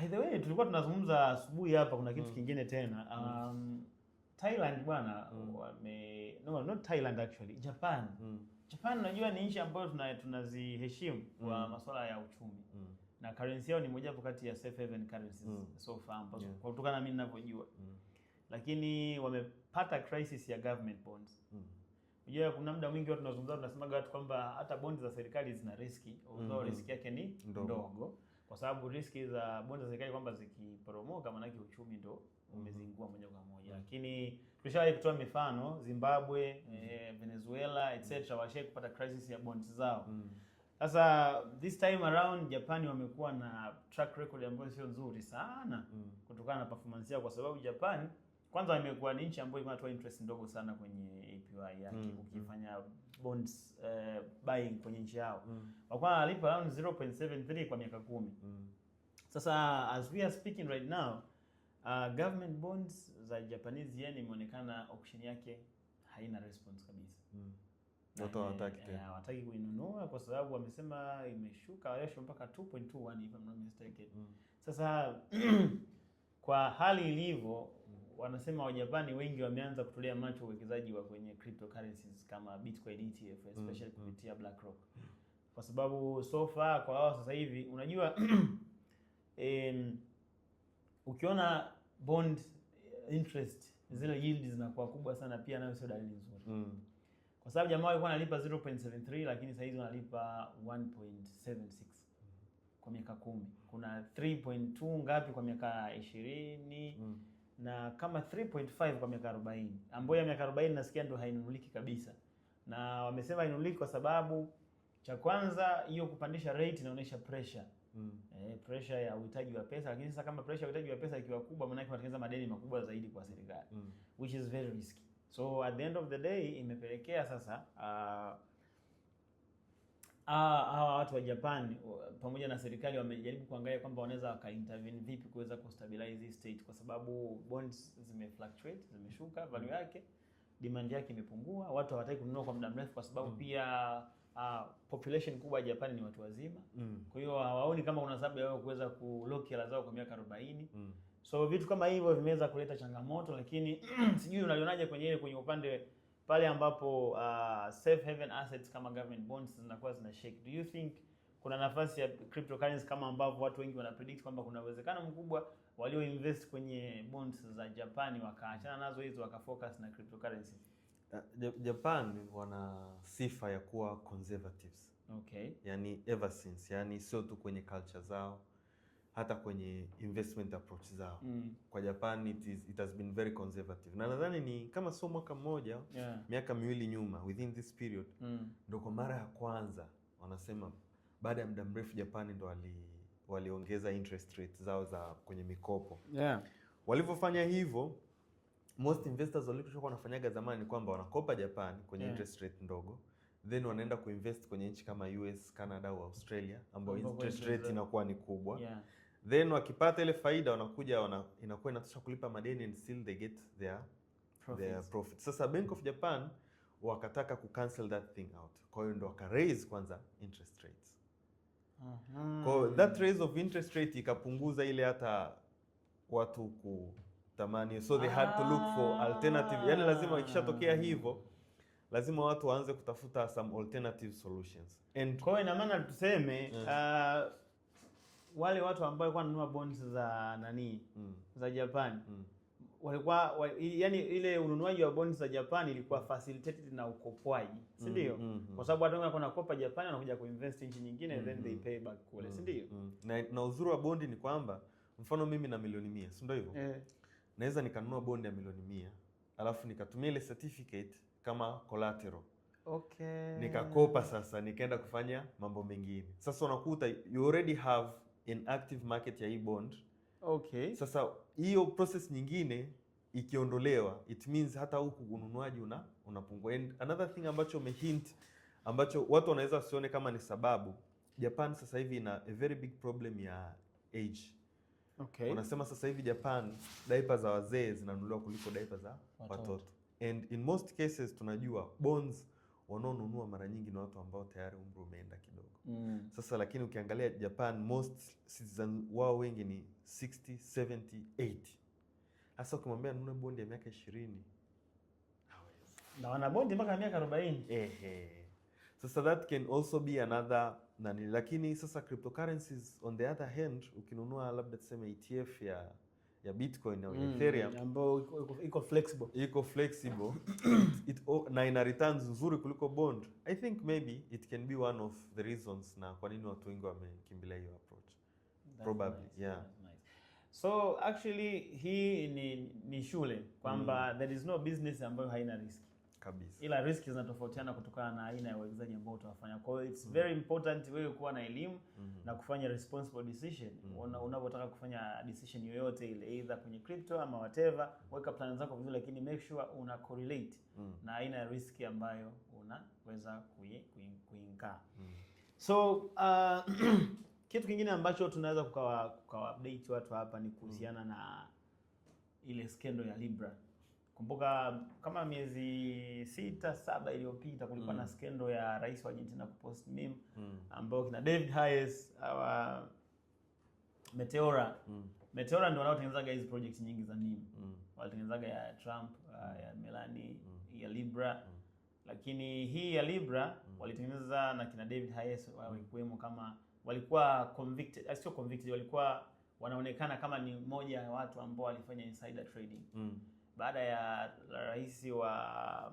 By the way, tulikuwa tunazungumza asubuhi hapa kuna kitu mm. kingine tena. Mm. Um, Thailand bwana mm. wame no, not Thailand actually, Japan. Mm. Japan unajua ni nchi ambayo tunaziheshimu mm. kwa mm. masuala ya uchumi. Mm. Na currency yao ni mojawapo kati ya safe haven currencies mm. so far ambazo yeah. kwa kutokana na mimi ninavyojua. Mm. Lakini wamepata crisis ya government bonds. Mm. Unajua kuna muda mwingi watu tunazungumza tunasema watu kwamba hata bondi za serikali zina riski, although mm. -hmm. riski yake ni ndogo. ndogo kwa sababu riski za bonds za serikali kwamba zikiporomoka, maanake uchumi ndo mhm. umezingua moja kwa moja, lakini tulishawahi kutoa mifano Zimbabwe, mm -hmm. e, Venezuela etc. Mhm. washai kupata crisis ya bonds zao mhm. sasa mm -hmm. this time around Japani wamekuwa na track record ambayo sio nzuri sana mm -hmm. kutokana na performance yao kwa sababu Japani kwanza imekuwa ni nchi ambayo imetoa interest ndogo sana kwenye APY yake mm. ukifanya bonds uh, buying kwenye nchi yao mm. wakwa alipa around 0.73 kwa miaka kumi mm. Sasa as we are speaking right now uh, government bonds za Japanese yen imeonekana option yake haina response kabisa mm. Watu hawataki tena. Eh, hawataki kuinunua kwa sababu wamesema imeshuka ratio mpaka 2.21 if I'm not mistaken. Mm. Sasa kwa hali ilivyo wanasema Wajapani wengi wameanza kutolea macho uwekezaji wa kwenye cryptocurrencies kama Bitcoin ETF mm, especially mm, kupitia BlackRock kwa sababu so far kwa wao sasa hivi unajua em, ukiona bond interest zile yield zinakuwa kubwa sana, pia nayo sio dalili nzuri mm. kwa sababu jamaa walikuwa analipa 0.73 lakini sasa hizi wanalipa 1.76 kwa miaka kumi. Kuna 3.2 ngapi kwa miaka ishirini mm na kama 3.5 kwa miaka 40, ambayo ya miaka 40 nasikia ndio hainunuliki kabisa, na wamesema hainunuliki kwa sababu cha kwanza hiyo kupandisha rate inaonyesha pressure mm. E, pressure ya uhitaji wa pesa, lakini sasa kama pressure ya uhitaji wa pesa ikiwa kubwa, maana yake wanatengeneza madeni makubwa zaidi kwa serikali mm. which is very risky, so at the end of the day imepelekea sasa uh, Ah, hawa watu wa Japan pamoja na serikali wamejaribu kuangalia kwamba wanaweza intervene vipi kuweza kustabilize hii state, kwa sababu bonds zime fluctuate, zimeshuka value yake, demand yake imepungua, watu hawataki kununua kwa muda mrefu, kwa sababu mm. pia uh, population kubwa ya Japan ni watu wazima mm. kwa hiyo hawaoni kama kuna sababu yao kuweza lock hela zao kwa miaka 40 mm. so vitu kama hivyo vimeweza kuleta changamoto, lakini sijui unalionaje kwenye ile kwenye upande pale ambapo uh, safe haven assets kama government bonds zinakuwa zina shake, do you think kuna nafasi ya cryptocurrency kama ambavyo watu wengi wana predict kwamba kuna uwezekano mkubwa walio invest kwenye bonds za Japani wakaachana nazo hizo wakafocus na cryptocurrency? Uh, Japan wana sifa ya kuwa conservatives. Okay. Yani ever since, yani sio tu kwenye culture zao hata kwenye investment approach zao mm. Kwa Japan it, is, it has been very conservative na nadhani ni kama sio mwaka mmoja yeah. Miaka miwili nyuma within this period mm. Ndo kwa mara ya kwanza wanasema baada ya muda mrefu Japan ndo waliongeza interest rate zao za kwenye mikopo yeah. Walivyofanya hivyo most investors walichokuwa wanafanyaga zamani kwamba wanakopa Japan kwenye yeah. interest rate ndogo then wanaenda kuinvest kwenye nchi kama US, Canada au Australia ambayo interest rate inakuwa ni kubwa yeah then wakipata ile faida wanakuja wana, inakuwa inatosha kulipa madeni and still they get their profits. Their profit. Sasa Bank of Japan wakataka ku cancel that thing out, kwa hiyo ndo waka raise kwanza interest rates mm-hmm. Kwa that raise of interest rate ikapunguza ile hata watu kutamani, so they had to look for ah. alternative. Yani lazima ikishatokea hivyo lazima watu waanze kutafuta some alternative solutions and kwa hiyo ina maana tuseme mm. uh, wale watu ambao walikuwa wananunua bonds za nani mm. za Japan mm. walikuwa wa, yani ile ununuaji wa bonds za Japan ilikuwa facilitated na ukopwaji, mm, si ndio? mm. mm. kwa sababu watu wengi wanakuwa hapa Japan wanakuja kuinvest nchi nyingine mm. then they mm. pay back kule, mm, si ndio? mm. na, na uzuri wa bondi ni kwamba mfano mimi na milioni 100 si ndio hivyo eh? naweza nikanunua bondi ya milioni 100 alafu nikatumia ile certificate kama collateral Okay. Nikakopa sasa, nikaenda kufanya mambo mengine. Sasa unakuta you already have active market ya hii bond. Okay. Sasa hiyo process nyingine ikiondolewa, it means hata huku ununuaji una unapungua. And another thing ambacho umehint ambacho watu wanaweza wasione kama ni sababu, Japan sasa hivi ina a very big problem ya age. Okay. Unasema sasa hivi Japan diaper za wazee zinanunuliwa kuliko diaper za watoto. And in most cases tunajua bonds wanaonunua mara nyingi na watu ambao tayari umri umeenda kidogo mm. Sasa lakini ukiangalia Japan, most citizen wao wengi ni 60, 70, 80. Sasa ukimwambia nunue bondi ya miaka 20 hawezi, na wana bondi mpaka miaka 40. Ehe, sasa that can also be another nani, lakini sasa cryptocurrencies on the other hand, ukinunua labda tuseme ETF ya ya Bitcoin au mm, Ethereum ambayo iko flexible, iko flexible it, it, na ina returns nzuri kuliko bond. I think maybe it can be one of the reasons na kwa nini watu wengi wamekimbilia hiyo approach probably. Nice, yeah nice. So actually hii ni, ni shule kwamba mm. there is no business ambayo haina risk kabisa, ila riski zinatofautiana kutokana na aina ya uwekezaji ambao utawafanya. Kwa its mm. very important wewe kuwa na elimu mm -hmm. na kufanya responsible decision mm -hmm. unapotaka kufanya decision yoyote ile, either kwenye crypto ama whatever, mm-hmm. weka plan zako vizuri, lakini make sure una correlate mm na aina ya riski ambayo unaweza kuinkaa mm so uh, kitu kingine ambacho tunaweza kukawa, update watu hapa ni kuhusiana mm na ile skendo ya Libra Kumbuka kama miezi sita saba iliyopita kulikuwa mm. na skendo ya rais wa Argentina kupost meme mm. ambao kina David Hayes hawa Meteora mm. Meteora ndio wanaotengenezaga hizi project nyingi za meme mm. wanatengenezaga ya Trump uh, mm. ya Melani mm. ya Libra mm. lakini hii ya Libra mm. walitengeneza na kina David Hayes walikuwemo, mm. kama walikuwa convicted, ah, sio convicted, walikuwa wanaonekana kama ni mmoja ya watu ambao walifanya insider trading mm baada ya rais wa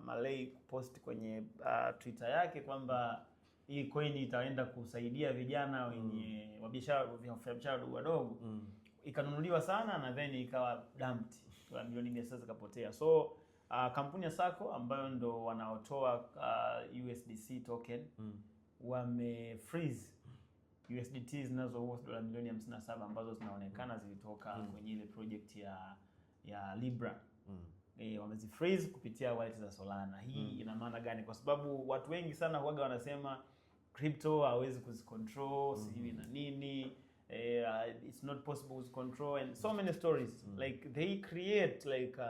Malay kuposti kwenye uh, Twitter yake kwamba hii coin itaenda kusaidia vijana wenye mm. wafanyabiashara wadogo wadogo mm. ikanunuliwa sana na then ikawa dumped milioni mia sita zikapotea. So uh, kampuni ya Sako ambayo ndo wanaotoa uh, USDC token mm. wame freeze USDT zinazoua dola milioni 57 ambazo zinaonekana mm. zilitoka mm. kwenye ile project ya ya Libra mm. E, wamezifreeze kupitia wallet za Solana. Hii mm. ina maana gani? Kwa sababu watu wengi sana huaga wanasema crypto hawezi kuzicontrol mm. sijui na nini e, uh, it's not possible to control and so many stories mm. like they create like uh,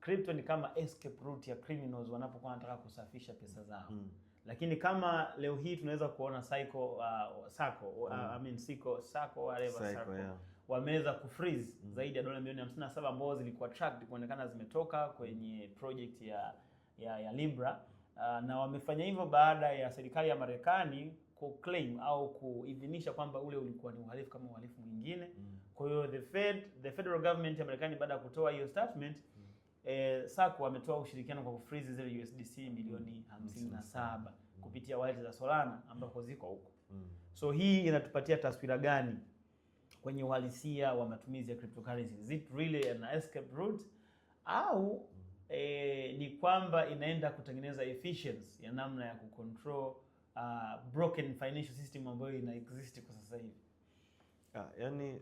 crypto ni kama escape route ya criminals wanapokuwa wanataka kusafisha pesa zao mm. Lakini kama leo hii tunaweza kuona cycle uh, sako, uh, mm. I mean, psycho, sako whatever, sako. Yeah wameweza kufreeze mm. zaidi ya dola milioni 57 ambazo zilikuwa tracked kuonekana zimetoka kwenye project ya ya, ya Libra uh, na wamefanya hivyo baada ya serikali ya Marekani kuclaim au kuidhinisha kwamba ule ulikuwa ni uhalifu kama uhalifu mwingine mm. Kwa hiyo the Fed, the federal government ya Marekani baada ya kutoa hiyo statement mm. eh, SACCO wametoa ushirikiano kwa kufreeze zile USDC milioni 57 mm. Mm. mm. kupitia wallet za Solana ambako ziko huko mm. So hii inatupatia taswira gani? kwenye uhalisia wa matumizi ya cryptocurrency, is it really an escape route au e, ni kwamba inaenda kutengeneza efficiency ya namna ya kucontrol uh, broken financial system ambayo ina exist kwa sasa hivi? Ah, yani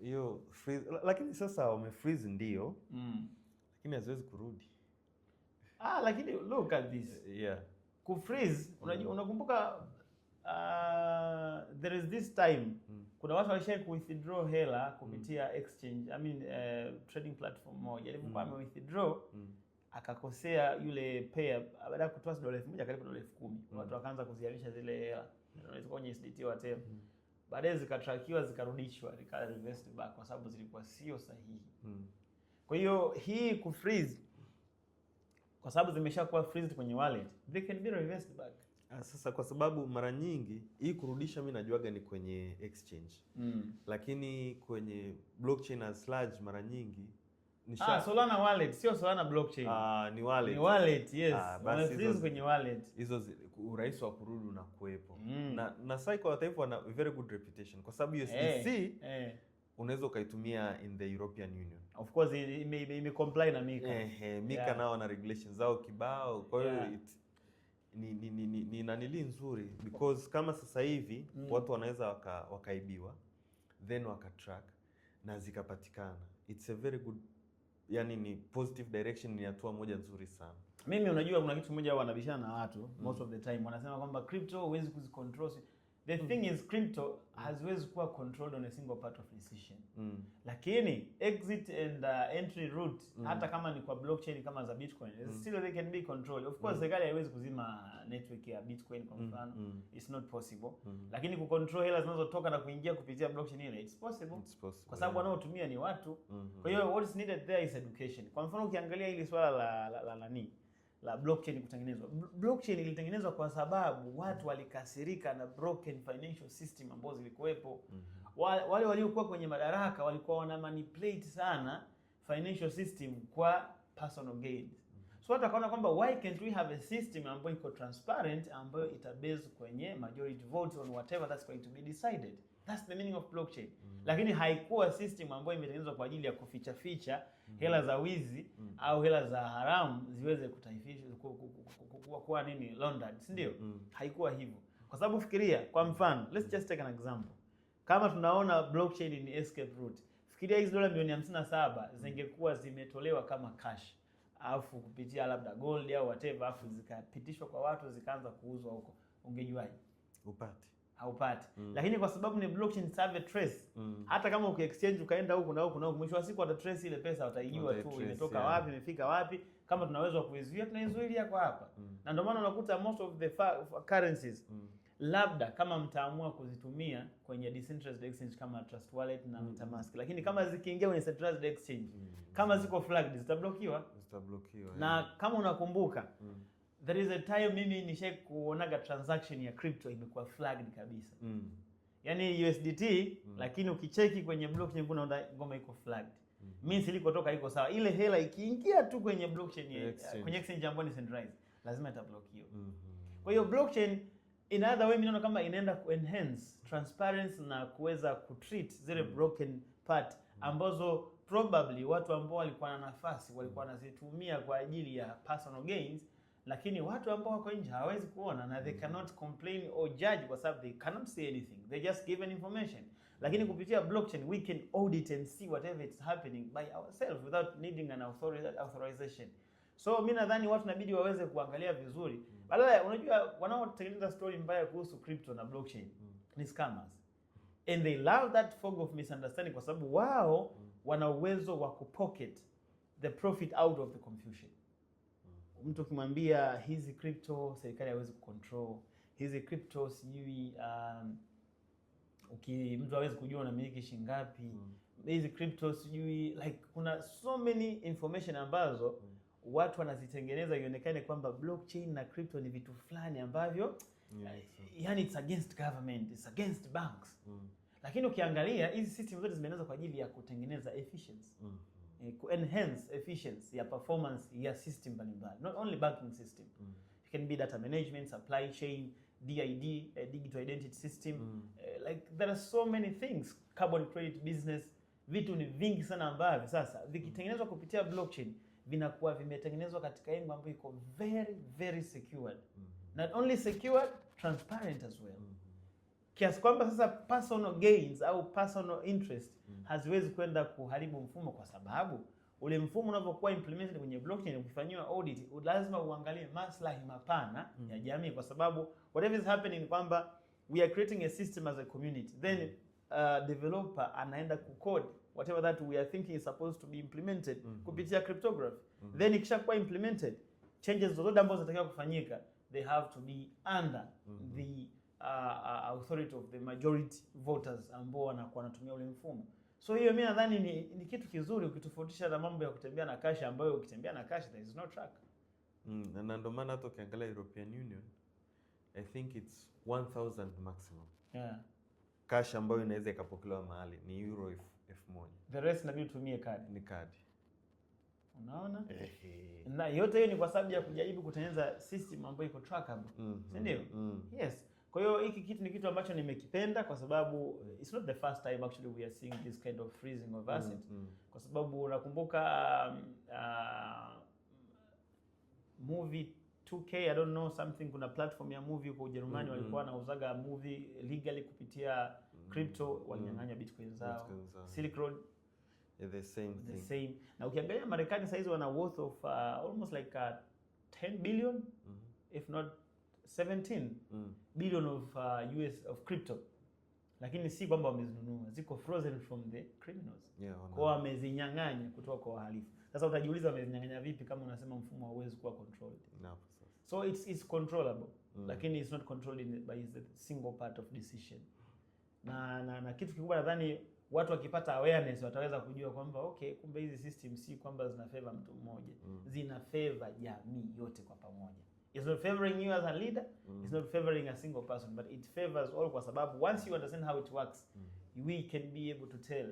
hiyo freeze, lakini sasa wame freeze ndio mm. Lakini haziwezi kurudi. Ah, lakini look at this yeah, ku freeze, unakumbuka uh, there is this time kuna watu walishai ku withdraw hela kupitia mm. exchange I mean, uh, trading platform moja alivyokuwa mm. ame withdraw mm. akakosea yule pair, baada ya kutoa dola 1000 akalipa dola 10000 mm. watu wakaanza kuziamisha zile hela ilikuwa kwenye USDT wa tem mm. baadaye zikatrakiwa zikarudishwa zika reverse back kwa sababu zilikuwa sio sahihi mm. kwa hiyo hii ku freeze kwa sababu zimeshakuwa freeze kwenye wallet they can be reversed back Ah, sasa kwa sababu mara nyingi hii kurudisha mi najuaga ni kwenye exchange mm. Lakini kwenye blockchain as large mara nyingi nisha... ah, Solana wallet sio Solana blockchain. Ah, ni wallet. Ni wallet, yes. Ah, basi hizo kwenye wallet hizo urahisi wa kurudi na unakuwepo mm. Na, na sai kwa taifa wana very good reputation kwa sababu USDC hey, eh, eh. hey. Unaweza ukaitumia in the European Union. Of course ime, ime, ime comply na Mika. Eh, eh, Mika yeah. Nao na regulations zao kibao kwa hiyo yeah ni, ni, ni, ni, ni nanili nzuri because kama sasa hivi mm. watu wanaweza waka, wakaibiwa then wakatrack na zikapatikana. It's a very good yani, ni positive direction, ni hatua moja nzuri sana. Mimi unajua kuna kitu moja wanabishana na watu mm. most of the time wanasema kwamba crypto huwezi kuzicontrol The thing mm. is crypto haziwezi kuwa controlled on a single part of decision mm. lakini exit and uh, entry route mm. hata kama ni kwa blockchain kama za Bitcoin mm. still they can be controlled of course, mm. serikali mm. haiwezi kuzima network ya Bitcoin kwa mm. mfano mm. it's not possible mm. lakini ku control hela zinazotoka na kuingia kupitia blockchain ile it's possible, it's possible, kwa sababu wanaotumia ni watu mm -hmm. kwa hiyo what is needed there is education. Kwa mfano ukiangalia hili swala la la, la, la, la, la, la, la, la, la, la la blockchain kutengenezwa. Blockchain ilitengenezwa kwa sababu watu mm. walikasirika na broken financial system ambazo zilikuwepo. mm -hmm. Wale waliokuwa kwenye madaraka walikuwa wana manipulate sana financial system kwa personal gain. Mm-hmm. So watu wakaona kwamba why can't we have a system ambayo iko transparent ambayo itabase kwenye majority vote on whatever that's going to be decided. That's the meaning of blockchain. Mm. Lakini haikuwa system ambayo imetengenezwa kwa ajili ya kuficha ficha mm. Mm-hmm. hela za wizi mm. au hela za haramu ziweze kutaifishwa ku, ku, ku, ku, ku, ku, kuwa nini laundered, si ndio? Mm. Haikuwa hivyo. Kwa sababu fikiria, kwa mfano, let's just take an example. Kama tunaona blockchain ni escape route. Fikiria hizo dola milioni 57 mm. zingekuwa zimetolewa kama cash afu kupitia labda gold au whatever afu zikapitishwa kwa watu zikaanza kuuzwa huko. Ungejuaje? Upate haupati mm. Lakini kwa sababu ni blockchain server trace mm. Hata kama ukiexchange ukaenda huku na huku na huku, mwisho wa siku trace ile pesa, wataijua tu imetoka yeah. wapi imefika wapi. Kama tunaweza kuizuia tunaizuilia kwa hapa mm. Na ndio maana unakuta most of the currencies mm. labda kama mtaamua kuzitumia kwenye decentralized exchange kama Trust Wallet na mm. MetaMask Lakini kama zikiingia kwenye centralized exchange mm. kama ziko flagged zitablokiwa, zitablokiwa na yeah. Kama unakumbuka mm there is a time mimi nishe kuonaga transaction ya crypto imekuwa flagged kabisa mm. Yaani USDT mm. Lakini ukicheki kwenye blockchain kuna onda ngoma iko flagged mm. Mm-hmm. Mimi silikotoka iko sawa, ile hela ikiingia tu kwenye blockchain ya, exchange. Kwenye exchange ambayo ni centralized lazima hiyo mm -hmm. Kwa hiyo blockchain in other way mimi naona kama inaenda ku enhance transparency na kuweza kutreat zile mm. broken part mm. ambazo probably watu ambao walikuwa na nafasi walikuwa wanazitumia kwa ajili ya personal gains lakini watu ambao wako nje hawawezi kuona na they mm. cannot complain or judge kwa sababu they cannot see anything, they just given information. Lakini kupitia blockchain we can audit and see whatever it's happening by ourselves without needing an authorization. So mi nadhani watu nabidi waweze kuangalia vizuri mm. badala mm. -hmm. unajua, wanaotengeneza story mbaya kuhusu crypto na blockchain mm. -hmm. ni scammers and they love that fog of misunderstanding kwa sababu wao mm. wana uwezo wa kupocket the profit out of the confusion mtu ukimwambia hizi crypto serikali haiwezi kucontrol hizi crypto sijui, um, uki mtu hawezi kujua unamiliki shingapi mm. hizi crypto sijui like, kuna so many information ambazo mm. watu wanazitengeneza ionekane kwamba blockchain na crypto ni vitu fulani ambavyo yeah, uh, yani it's against government, it's against banks mm. lakini ukiangalia hizi system zote zimeanza kwa ajili ya kutengeneza efficiency mm eh, ku enhance efficiency ya performance ya system mbalimbali, not only banking system mm. It can be data management, supply chain, DID, uh, eh, digital identity system mm. Uh, like there are so many things, carbon credit business, vitu ni vingi sana ambavyo sasa vikitengenezwa kupitia blockchain vinakuwa vimetengenezwa katika engo ambayo iko very very secured mm. Not only secured, transparent as well mm kiasi kwamba sasa personal gains au personal interest mm. haziwezi kwenda kuharibu mfumo, kwa sababu ule mfumo unavyokuwa implemented kwenye blockchain, ukifanyiwa audit, lazima uangalie maslahi mapana mm. ya jamii, kwa sababu whatever is happening kwamba we are creating a system as a community then mm. uh, developer anaenda ku code whatever that we are thinking is supposed to be implemented mm -hmm. kupitia cryptography mm -hmm. then ikishakuwa implemented changes zozote ambazo zinatakiwa kufanyika they have to be under mm -hmm. the uh, uh, authority of the majority voters ambao wanakuwa wanatumia ule mfumo. So hiyo mimi nadhani ni, ni kitu kizuri ukitofautisha na mambo ya kutembea na cash ambayo ukitembea na cash there is no track. Mm, na ndio maana hata ukiangalia European Union I think it's 1000 maximum. Yeah. Cash ambayo inaweza ikapokelewa mahali ni euro elfu moja. The rest inabidi utumie kadi. Ni kadi. Unaona? Na yote hiyo ni kwa sababu ya kujaribu kutengeneza system ambayo iko trackable. Mm -hmm. Si ndio? Mm. Yes. Kwa hiyo hiki kitu ni kitu ambacho nimekipenda kwa sababu eh, it's not the first time actually we are seeing this kind of freezing of asset mm, mm. Kwa sababu unakumbuka um, uh, movie 2K I don't know something, kuna platform ya movie huko Ujerumani mm, mm. walikuwa wanauzaga movie legally kupitia mm -hmm. crypto, mm. walinyang'anya bitcoin zao Silk Road yeah, the same the thing. same na ukiangalia Marekani saizi wana worth of uh, almost like uh, 10 billion mm -hmm. if not 17 mm. billion of uh, US of crypto, lakini si kwamba wamezinunua, ziko frozen from the criminals yeah, kwa wamezinyang'anya kutoka kwa wahalifu. Sasa utajiuliza wamezinyang'anya vipi kama unasema mfumo hauwezi kuwa controlled no, so it's, it's controllable mm. lakini it's not controlled in, by the single part of decision na, na, na kitu kikubwa nadhani watu wakipata awareness wataweza kujua kwamba okay, kumbe hizi system si kwamba zina favor mtu mmoja mm. zina favor jamii yote kwa pamoja. It's not favoring you as a leader. Mm. It's not favoring a single person, but it favors all kwa sababu once you understand how it works, mm. we can be able to tell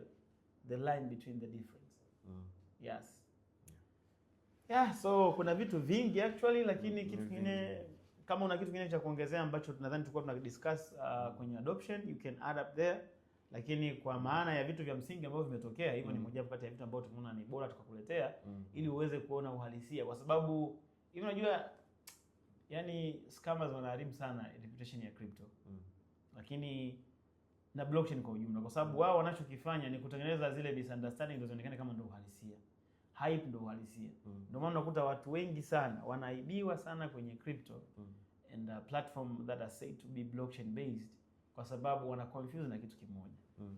the line between the difference. Mm. Yes. Yeah. Yeah, so kuna vitu vingi actually lakini mm. kitu kingine kama una kitu kingine cha kuongezea ambacho tunadhani tulikuwa tunadiscuss uh, mm. kwenye adoption, you can add up there. Lakini kwa maana ya vitu vya msingi ambavyo vimetokea hivyo, mm. ni mojawapo kati ya vitu ambavyo tumeona ni bora tukakuletea, mm. ili uweze kuona uhalisia kwa sababu hivi unajua yani scammers wanaharibu sana reputation ya crypto mm. Lakini na blockchain kwa ujumla, kwa sababu mm. wao wanachokifanya ni kutengeneza zile misunderstanding ndio zionekane kama ndio uhalisia, hype ndio uhalisia mm. Ndio maana unakuta watu wengi sana wanaibiwa sana kwenye crypto mm. and uh, platform that are said to be blockchain based, kwa sababu wana confuse na kitu kimoja mm.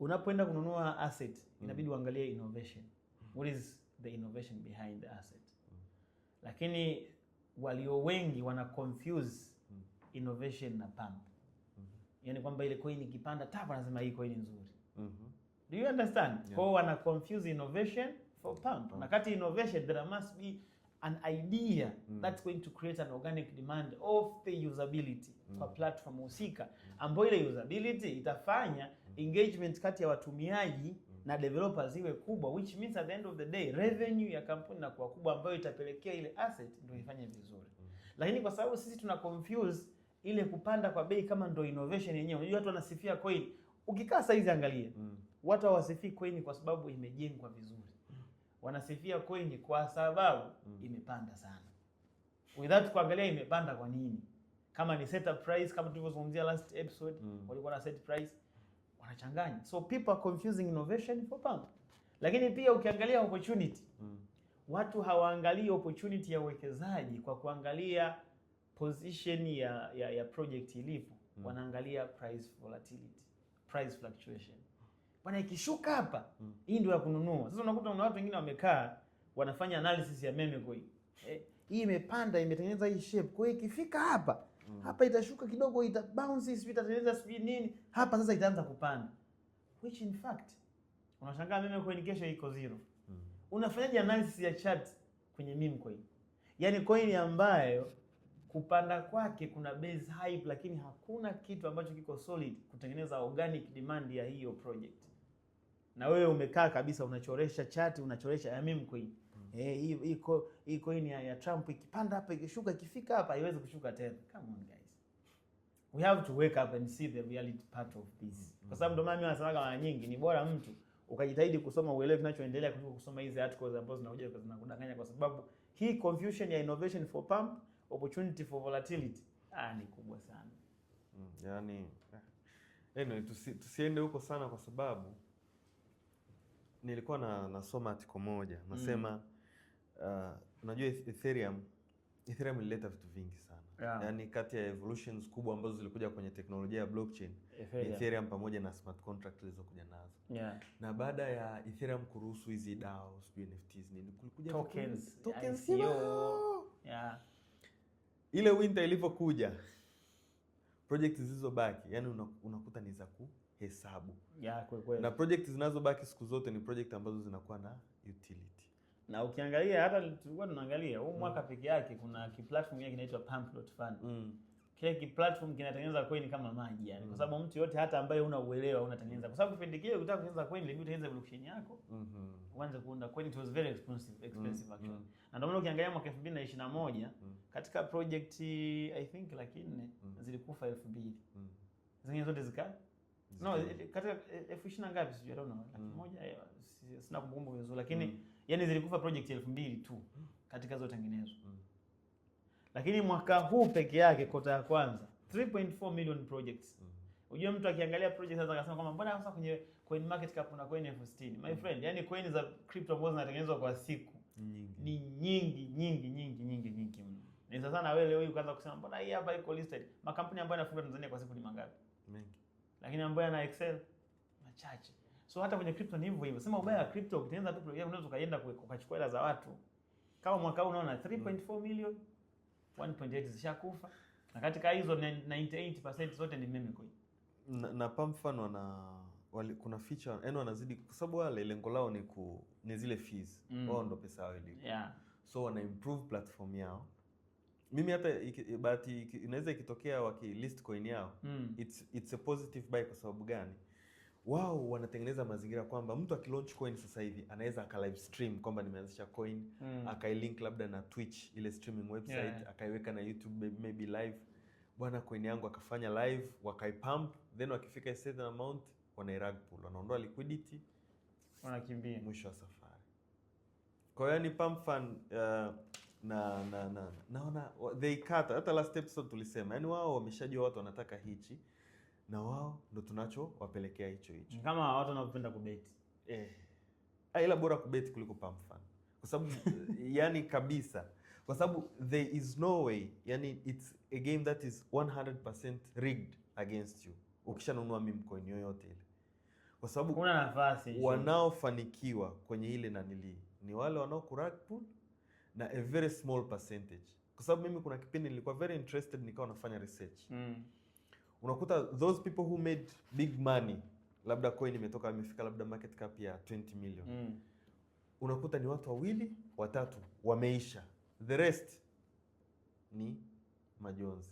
Unapoenda kununua asset mm. inabidi mm. uangalie innovation, mm. what is the innovation behind the asset lakini walio wengi wana confuse mm. innovation na pump. Mm-hmm. Yani kwamba ile coin ikipanda tap anasema hii coin nzuri. mm -hmm. Do you understand? Yeah. Kwao wana confuse innovation for pump. Na kati innovation there must be an idea mm. that's going to create an organic demand of the usability mm. kwa platform husika mm. ambayo ile usability itafanya mm. engagement kati ya watumiaji na developers iwe kubwa, which means at the end of the day revenue ya kampuni inakuwa kubwa, ambayo itapelekea ile asset ndio ifanye vizuri mm. Lakini kwa sababu sisi tuna confuse ile kupanda kwa bei kama ndio innovation yenyewe. Unajua watu wanasifia coin, ukikaa saizi angalia mm. watu hawasifii coin kwa sababu imejengwa vizuri wanasifia coin kwa sababu mm. imepanda sana, without kuangalia imepanda kwa nini, kama ni set up price, kama tulivyozungumzia last episode mm. walikuwa na set price wanachanganya. So people are confusing innovation for pump. Lakini pia ukiangalia opportunity mm. Watu hawaangalii opportunity ya uwekezaji kwa kuangalia position ya, ya, ya project ilipo mm. Wanaangalia price volatility, price fluctuation bwana, ikishuka hapa mm. hii ndio ya kununua. Sasa unakuta kuna watu wengine wamekaa wanafanya analysis ya meme coin eh, hii imepanda imetengeneza hii shape, kwa hiyo ikifika hapa mm. hapa itashuka kidogo, ita bounce, itatengeneza sijui nini, hapa sasa itaanza kupanda, which in fact unashangaa meme coin kesho iko zero mm. unafanyaje analysis ya chart kwenye meme coin? yaani coin ambayo kupanda kwake kuna base hype, lakini hakuna kitu ambacho kiko solid kutengeneza organic demand ya hiyo project, na wewe umekaa kabisa unachoresha chart unachoresha ya meme coin Eh, iko hii coin ya Trump ikipanda hapa ikishuka ikifika hapa haiwezi kushuka tena. Come on guys, we have to wake up and see the reality part of this, kwa sababu ndio maana mimi nasema mara nyingi ni bora mtu ukajitahidi kusoma uelewe kinachoendelea kuliko kusoma hizi articles ambazo zinakuja kwa zinakudanganya, kwa sababu hii confusion ya innovation for pump, opportunity for volatility ah, ni kubwa sana mm, yani eh, anyway, tusi, tusiende huko sana kwa sababu nilikuwa na nasoma article moja nasema mm. Uh, unajua Ethereum Ethereum ilileta vitu vingi sana yeah. Yaani kati ya evolutions kubwa ambazo zilikuja kwenye teknolojia ya blockchain Ethereum, Ethereum pamoja na smart contract zilizokuja nazo yeah. Na baada ya Ethereum kuruhusu hizi DAO sijui NFTs nini kulikuja tokens, tokens ICO. Yeah. Ile winter ilivyokuja project zilizobaki yani unakuta ni za kuhesabu yeah, na project zinazobaki siku zote ni project ambazo zinakuwa na utility na ukiangalia hata tulikuwa tunaangalia huu mwaka mm. peke yake kuna kiplatform kingine kinaitwa Pamphlet Fund mm. kile kiplatform kinatengeneza coin kama maji yani mm. kwa sababu mtu yote hata ambaye una uelewa unatengeneza, kwa sababu kipindi kile ukitaka kutengeneza coin lazima utengeneze blockchain yako mm -hmm. uanze kuunda coin, it was very expensive expensive mm. actually mm. na ndio maana ukiangalia mwaka 2021 mm. katika project I think laki nne mm. zilikufa 2000 mm. zingine zote zika Zika. No, katika e, elfu ishirini ngapi sijui, I don't know, laki mm. moja, eh, sina kumbukumbu vizuri lakini mm yani zilikufa project elfu mbili tu hmm. katika zilizotengenezwa mm. Lakini mwaka huu peke yake kota ya kwanza 3.4 million projects mm. Unajua mtu akiangalia project sasa akasema kwamba mbona sasa kwenye coin market cap kuna coin elfu sitini my hmm. friend, yani coin za crypto ambazo zinatengenezwa kwa siku nyingi. ni nyingi nyingi nyingi nyingi nyingi mno. Ni sasa na wewe leo hii ukaanza kusema mbona hii hapa iko listed. Makampuni ambayo yanafunga Tanzania kwa siku ni mangapi? Mengi. Lakini ambayo yana excel machache. So hata kwenye crypto ni hivyo hivyo. Sema ubaya wa crypto ukitengeneza tu program unaweza ukaenda ukachukua hela za watu. Kama mwaka huu unaona 3.4 million 1.8 zishakufa na katika hizo 98% zote ni meme coin. Na, na Pamfan wana wali, kuna feature yani wanazidi kwa sababu wale lengo lao ni ku ni zile fees. Mm. Wao ndo pesa yao ilipo. Yeah. So wana improve platform yao. Mimi hata but inaweza ikitokea waki list coin yao. Mm. It's it's a positive buy kwa sababu gani? wao wanatengeneza mazingira kwamba mtu akilaunch coin sasa hivi anaweza aka live stream kwamba nimeanzisha coin mm. akailink labda na Twitch ile streaming website yeah. akaiweka na YouTube maybe live bwana, coin yangu akafanya live wakaipump, then wakifika a certain amount wanairag rug pull, wanaondoa liquidity, wanakimbia mwisho wa safari. Kwa hiyo ni pump fund uh, na naona na, na, na, they cut. Hata last episode tulisema, yani wao wameshajua watu wanataka hichi na wao ndo tunachowapelekea hicho hicho, kama watu wanaopenda kubeti eh, ah, ila bora kubeti kuliko pump fan kwa sababu eh, yani kabisa, kwa sababu there is no way, yani it's a game that is 100% rigged against you ukishanunua meme coin yoyote ile, kwa sababu kuna nafasi wanaofanikiwa kwenye ile nanili ni wale wanaokurag pool na a very small percentage, kwa sababu mimi kuna kipindi nilikuwa very interested, nikawa nafanya research mm unakuta those people who made big money, labda coin imetoka imefika labda market cap ya 20 million mm. unakuta ni watu wawili watatu wameisha, the rest ni majonzi,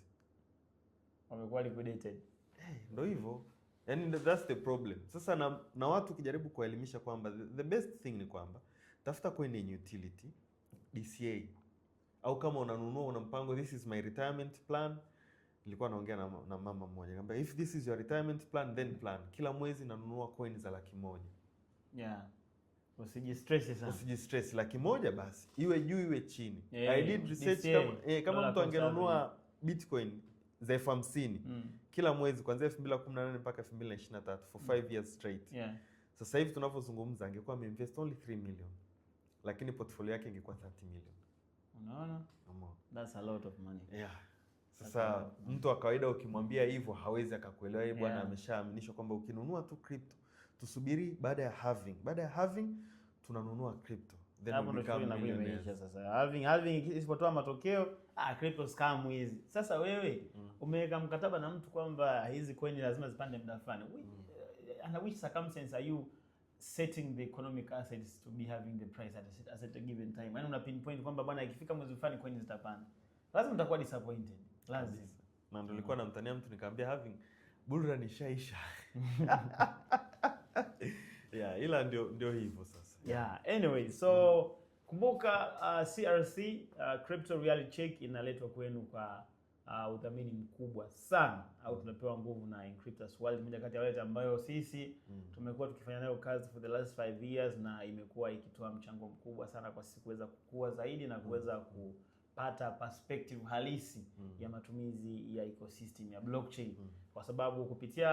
wamekuwa liquidated. Hey, eh, ndo hivyo yani, that's the problem sasa. Na, na watu ukijaribu kuwaelimisha kwamba the best thing ni kwamba tafuta coin yenye utility DCA, au kama unanunua una mpango this is my retirement plan nilikuwa naongea na, na mama mmoja nikamwambia, if this is your retirement plan then plan. Kila mwezi nanunua coin za laki moja yeah. Usijistresi sana, usijistresi. Laki moja basi, iwe juu iwe chini. Yeah, I did research kama, eh, kama mtu angenunua bitcoin za elfu hamsini mm. kila mwezi kuanzia nane mpaka elfu mbili na na tatu for 5 mm. years straight yeah. Sasa hivi tunavyozungumza angekuwa ameinvest only 3 million, lakini portfolio yake ingekuwa 30 million. Unaona, that's a lot of money yeah. Sasa mm. mtu wa kawaida ukimwambia hivyo hawezi akakuelewa. Yeye bwana ameshaaminishwa kwamba ukinunua tu crypto, tusubiri baada ya halving. Baada ya halving tunanunua crypto isipotoa matokeo ah, crypto scam hizi. Sasa wewe mm. umeweka mkataba na mtu kwamba hizi coin lazima zipande muda fulani mm. under eh, which circumstances are you setting the economic assets to be having the price at a given time? Yaani una pinpoint kwamba bwana, ikifika mwezi fulani coin zitapanda, lazima utakuwa disappointed lazima. nilikuwa namtania mtu nikamwambia havi bura nishaisha. Yeah, ila ndio ndio hivyo sasa. Yeah, anyway, so mm. Kumbuka uh, CRC uh, Crypto Reality Check inaletwa kwenu kwa uh, udhamini mkubwa sana au mm. tunapewa nguvu na Encryptors World, moja kati ya wale ambayo sisi mm. tumekuwa tukifanya nayo kazi for the last five years na imekuwa ikitoa mchango mkubwa sana kwa sisi kuweza kukua zaidi na kuweza mm. ku kupata perspective halisi mm. -hmm. ya matumizi ya ecosystem ya blockchain mm. -hmm. kwa sababu kupitia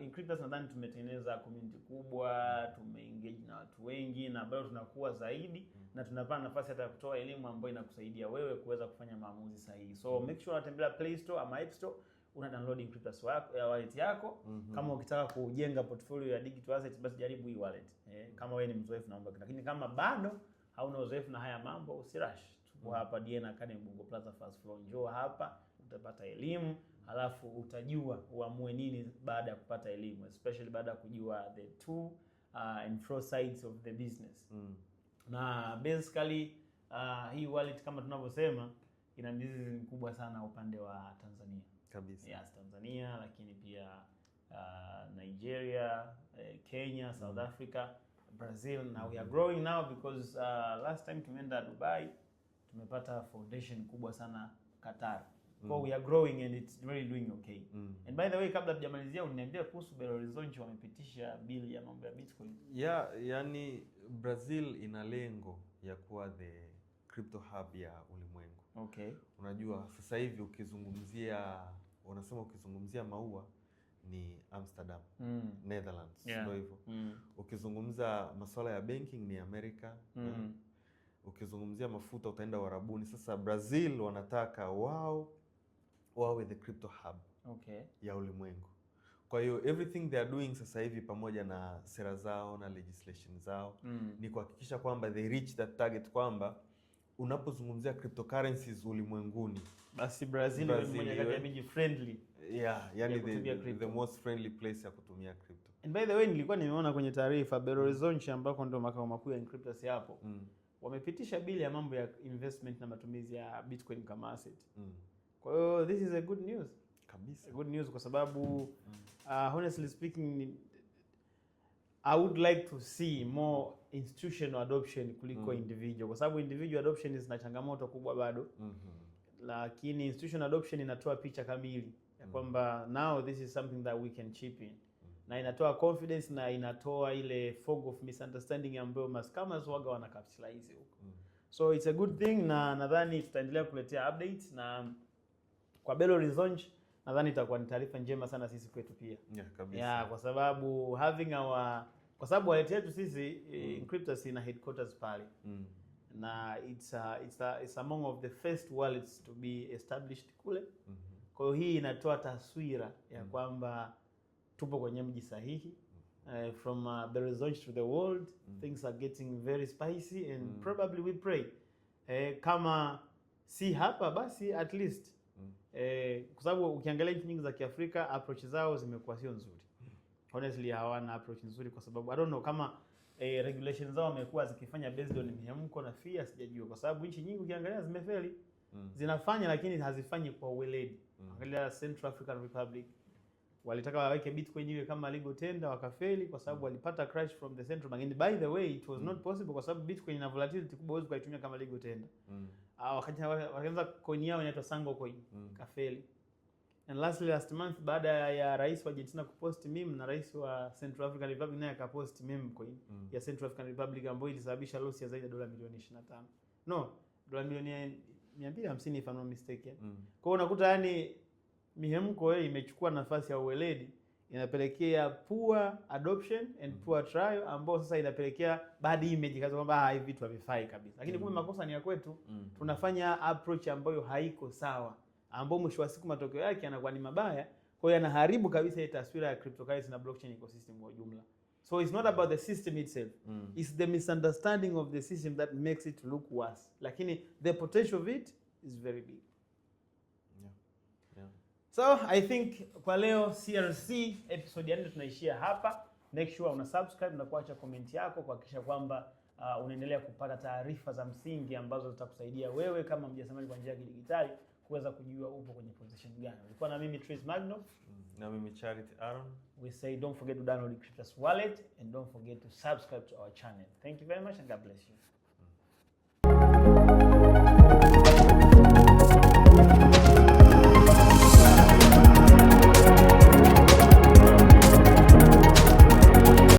Inkryptus nadhani tumetengeneza community kubwa, tumeengage na watu wengi na bado tunakuwa zaidi mm. -hmm. na tunapata nafasi hata ya kutoa elimu ambayo inakusaidia wewe kuweza kufanya maamuzi sahihi. So mm. -hmm. make sure unatembelea Play Store ama App Store una download Inkryptus ya eh, wallet yako mm -hmm. Kama ukitaka kujenga portfolio ya digital asset basi jaribu hii wallet eh, kama wewe ni mzoefu naomba, lakini kama bado hauna uzoefu na haya mambo usirash. Kwa hapa Diena Academy Bongo Plaza first floor, njoo hapa utapata elimu, halafu utajua uamue nini baada ya kupata elimu, especially baada ya kujua the two uh, and four sides of the business mm. na basically uh, hii wallet kama tunavyosema ina mizizi mikubwa sana upande wa Tanzania kabisa, yes, Tanzania lakini pia uh, Nigeria, eh, Kenya, South mm. Africa, Brazil na we are mm-hmm. growing now because uh, last time tumeenda Dubai tumepata foundation kubwa sana Qatar. Mm. So we are growing and it's really doing okay. Mm. And by the way, kabla tujamalizia uniambia kuhusu Belo Horizonte wamepitisha bill ya mambo ya Bitcoin. Yeah, yani Brazil ina lengo ya kuwa the crypto hub ya ulimwengu. Okay. Unajua sasa hivi ukizungumzia unasema ukizungumzia maua ni Amsterdam, mm. Netherlands, ndio yeah. hivyo. Mm. Ukizungumza masuala ya banking ni America. Mm. Yeah ukizungumzia mafuta utaenda Warabuni. Sasa Brazil wanataka wao wawe the crypto hub okay, ya ulimwengu. Kwa hiyo everything they are doing sasa hivi pamoja na sera zao na legislation zao mm, ni kuhakikisha kwamba they reach that target kwamba unapozungumzia cryptocurrencies ulimwenguni basi Brazil ni moja kati ya miji friendly yeah, yani the, the most friendly place ya kutumia crypto. And by the way nilikuwa nimeona kwenye taarifa Belo Horizonte ambako ndio makao makuu ya Inkryptus hapo mm wamepitisha bili ya mambo ya investment na matumizi ya Bitcoin kama asset. Mm. Kwa hiyo this is a good news. Kabisa. Good news kwa sababu mm. uh, honestly speaking I would like to see more institutional adoption kuliko mm. individual kwa sababu individual adoption zina changamoto kubwa bado. Mm -hmm. Lakini institutional adoption inatoa picha kamili ya mm. now this is something that we can chip in na inatoa confidence na inatoa ile fog of misunderstanding ambayo maskamas waga wana capitalize huko. Mm. So it's a good thing na nadhani tutaendelea kuletea updates na kwa Belo Horizonte nadhani itakuwa ni taarifa njema sana sisi kwetu pia. Yeah, kabisa. Yeah, kwa sababu having our kwa sababu wallet yetu sisi eh, mm. Inkryptus ina headquarters pale. Mm. Na it's a, it's a, it's among of the first wallets to be established kule. Mm -hmm. Kwa hiyo hii inatoa taswira ya mm. kwamba tupo kwenye mji sahihi. Uh, from uh, the resort to the world mm. Things are getting very spicy and mm. probably we pray uh, kama si hapa basi at least mm. eh, kwa sababu ukiangalia nchi nyingi za Kiafrika approach zao zimekuwa sio nzuri honestly, hawana approach nzuri kwa sababu I don't know kama eh, regulation zao wamekuwa zikifanya based on mihemko na fear, sijajua kwa sababu nchi nyingi ukiangalia zimefeli mm. zinafanya lakini hazifanyi kwa uweledi mm. Angalia Central African Republic mm walitaka waweke Bitcoin iwe kama legal tender wakafeli, kwa sababu mm. walipata crash from the central bank and by the way it was mm. not possible, kwa sababu Bitcoin ina volatility kubwa, huwezi kuitumia kama legal tender mm. ah, wakati wakaanza coin yao inaitwa Sango coin mm. kafeli. And lastly last month, baada ya rais wa Argentina kupost meme na rais wa Central African Republic naye akapost meme coin mm. ya Central African Republic ambayo ilisababisha loss ya zaidi ya dola milioni 25 no dola milioni 250 if I'm not mistaken mm. kwa hiyo unakuta yani mihemko hiyo imechukua nafasi ya uweledi, inapelekea poor adoption and poor mm-hmm. trial, ambayo sasa inapelekea bad image, kaza kwamba ah, hivi vitu havifai kabisa, lakini kumbe mm-hmm. makosa ni ya kwetu. Mm-hmm. Tunafanya approach ambayo haiko sawa, ambayo mwisho wa siku matokeo yake yanakuwa ni mabaya. Kwa hiyo yanaharibu kabisa ile taswira ya cryptocurrency na blockchain ecosystem kwa ujumla. So it's not about the system itself. Mm. It's the misunderstanding of the system that makes it look worse. Lakini the potential of it is very big. So I think kwa leo CRC episode ya nne tunaishia hapa. Make sure una subscribe na kuacha comment yako kuhakikisha kwamba uh, unaendelea kupata taarifa za msingi ambazo zitakusaidia wewe kama mjasiriamali kwa njia ya kidijitali kuweza kujua upo kwenye position gani. Ulikuwa na mimi Trace Magno mm, na mimi Charity Aaron. We say don't forget to download Cryptus wallet and don't forget to subscribe to our channel. Thank you very much and God bless you.